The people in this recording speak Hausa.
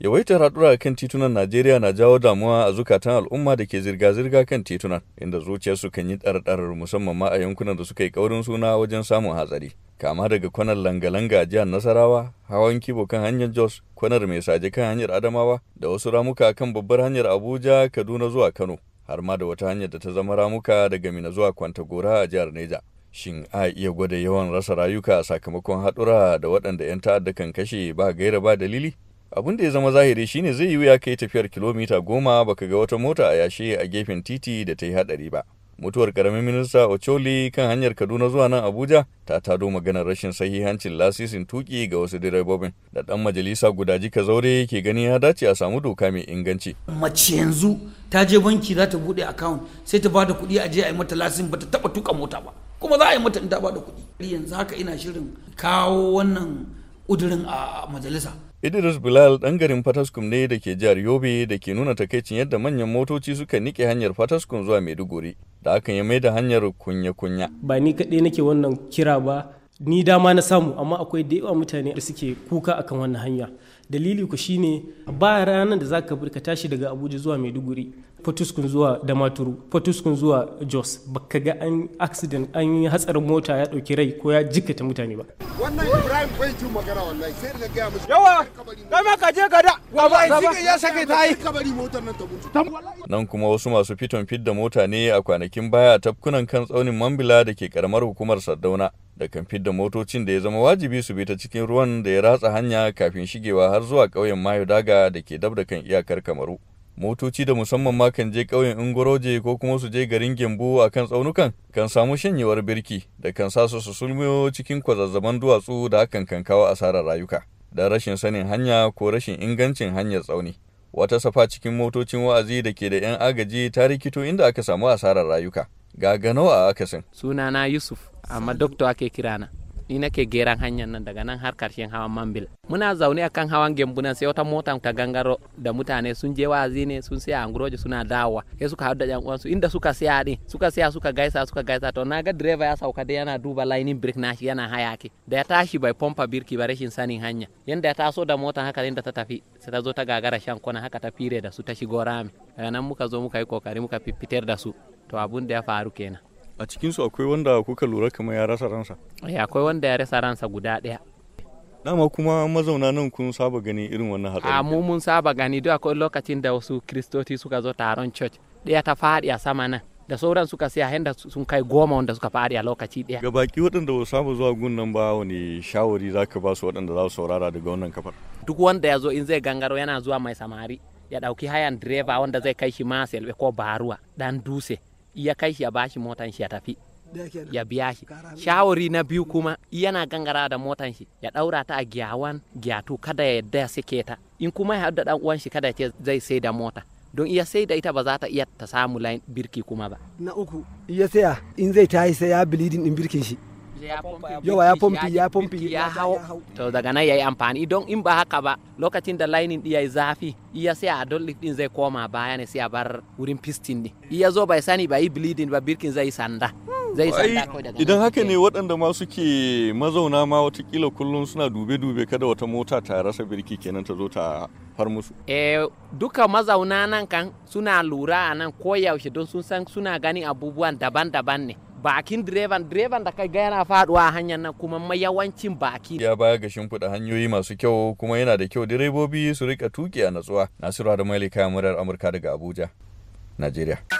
Yawaitar haɗura kan titunan Najeriya na jawo damuwa a zukatan al'umma da ke zirga-zirga kan titunan, inda zuciyarsu kan yi ɗarɗarar musamman ma a yankunan da suka yi ƙaurin suna wajen samun hatsari. Kama daga kwanar langa-langa a jihar Nasarawa, hawan kibo kan hanyar Jos, kwanar mai saje kan hanyar Adamawa, da wasu ramuka kan babbar hanyar Abuja, Kaduna zuwa Kano, har ma da wata hanyar da ta zama ramuka daga Mina zuwa Kwantagora a jihar Neja. Shin a iya gwada yawan rasa rayuka sakamakon haɗura da waɗanda 'yan ta'adda kan kashe ba gaira ba dalili? abin da ya zama zahiri shine zai yi wuya kai tafiyar kilomita goma baka ga wata mota a yashe a gefen titi da ta yi hadari ba mutuwar karamin minista ocholi kan hanyar kaduna zuwa nan abuja ta tado maganar rashin sahihancin lasisin tuki ga wasu direbobin da dan majalisa guda jika zaure ke gani ya dace a samu doka mai inganci mace yanzu ta je banki za ta bude account sai ta bada kuɗi a je a yi mata lasin bata taba tuka mota ba kuma za a yi mata in ta bada kuɗi yanzu haka ina shirin kawo wannan ƙudurin a majalisa. Idris Bilal ɗan garin Fataskum ne da ke jihar Yobe da ke nuna takaicin yadda manyan motoci suka nike hanyar Fataskum zuwa Maiduguri da hakan ya maida hanyar kunya-kunya. Ba ni kaɗai nake wannan kira ba, ni dama na samu amma akwai da yawa mutane da suke kuka akan wannan hanya. dalili ku shine ba ranar da zaka ka tashi daga abuja zuwa maiduguri Potuskun zuwa damaturu Potuskun zuwa jos baka ga an accident an yi hatsarin mota ya dauki rai ko ya jikata mutane ba wannan bai ji magana wallahi sai da ga yawa kai ma ka je gada wallahi sai ya sake ta yi kabari motar nan ta nan kuma wasu masu fiton fit da mota ne a kwanakin baya tafkunan kan tsaunin mambila da ke karamar hukumar sardauna da kan fidda motocin da ya zama wajibi su bi ta cikin ruwan da ya ratsa hanya kafin shigewa har zuwa ƙauyen Mayodaga da ke dab da kan iyakar Kamaru. Motoci da musamman ma kan je ƙauyen Ingoroje ko kuma su je garin Gembu a kan tsaunukan kan samu shanyewar birki da kan sa su su sulmiyo cikin kwazazzaban duwatsu da hakan kan kawo asarar rayuka. Da rashin sanin hanya ko rashin ingancin hanyar tsauni. Wata safa cikin motocin wa'azi da ke da 'yan agaji ta rikito inda aka samu asarar rayuka. Gaga nawa akasin? Sunana Yusuf, amma doktor ake kirana. ni nake geran hanyar nan daga nan har karshen hawan mambil muna zaune akan hawan gembunan sai wata mota ta gangaro da mutane sun je wazi ne sun saya angroje suna dawowa sai suka haɗu yan uwansu inda suka saya din suka saya suka gaisa suka gaisa to na ga direba ya sauka da yana duba lainin break nashi yana hayaki da ya tashi bai pompa birki ba rashin sanin hanya yanda ya taso da motan haka inda ta tafi sai ta zo ta gagara shan kwana haka ta fire da su ta shigo rami daga nan muka zo muka yi kokari muka fitar da su to abun da ya faru kenan a cikinsu akwai wanda kuka lura kamar ya rasa ransa eh, akwai wanda ya rasa ransa guda daya. dama kuma mazauna nan kun saba gani irin wannan hatsari a mu mun saba gani duk akwai lokacin da wasu kristoci suka zo taron church ɗaya ta faɗi a sama nan da sauran suka sai a da sun kai goma wanda suka faɗi a lokaci ɗaya. Ga baki waɗanda ba saba zuwa gun nan ba wani shawari za ka ba su waɗanda za su saurara daga wannan kafar. Duk wanda ya zo in zai gangaro yana zuwa mai samari ya ɗauki hayan direba wanda zai kai shi ma selbe ko baruwa dan dutse ya kai shi ya bashi motan shi ya tafi ya biya shi shawari na biyu kuma yana gangara da motan shi ya daura ta a giyawan giyatu kada ya yadda ya sike ta in kuma ya haɗu da uwan shi kada ya ce zai sai da mota don iya sai da ita ba za ta iya ta samu birki kuma ba na uku iya saya in zai ta sai ya bilidin din birkin shi yawa ya pompi ya pompi ya hau to daga nan yayi amfani don in ba haka ba lokacin da lining din yayi zafi iya sai a dolly din zai koma baya ne sai a bar wurin piston din iya zo bai sani ba yi bleeding ba birkin zai sanda zai sanda idan haka ne waɗanda ma suke mazauna ma watakila kullum suna dube-dube kada wata mota ta rasa birki kenan ta zo ta far musu? Eh, duka mazauna nan kan suna lura a nan koyaushe don sun san suna gani abubuwan daban-daban ne. bakin direban direban da ka ga yana faduwa hanyar nan kuma yawancin baki ya baya ga shimfiɗa hanyoyi masu kyau kuma yana da kyau direbobi su rika tuki a natsuwa nasiru da malika murar amurka daga abuja najeriya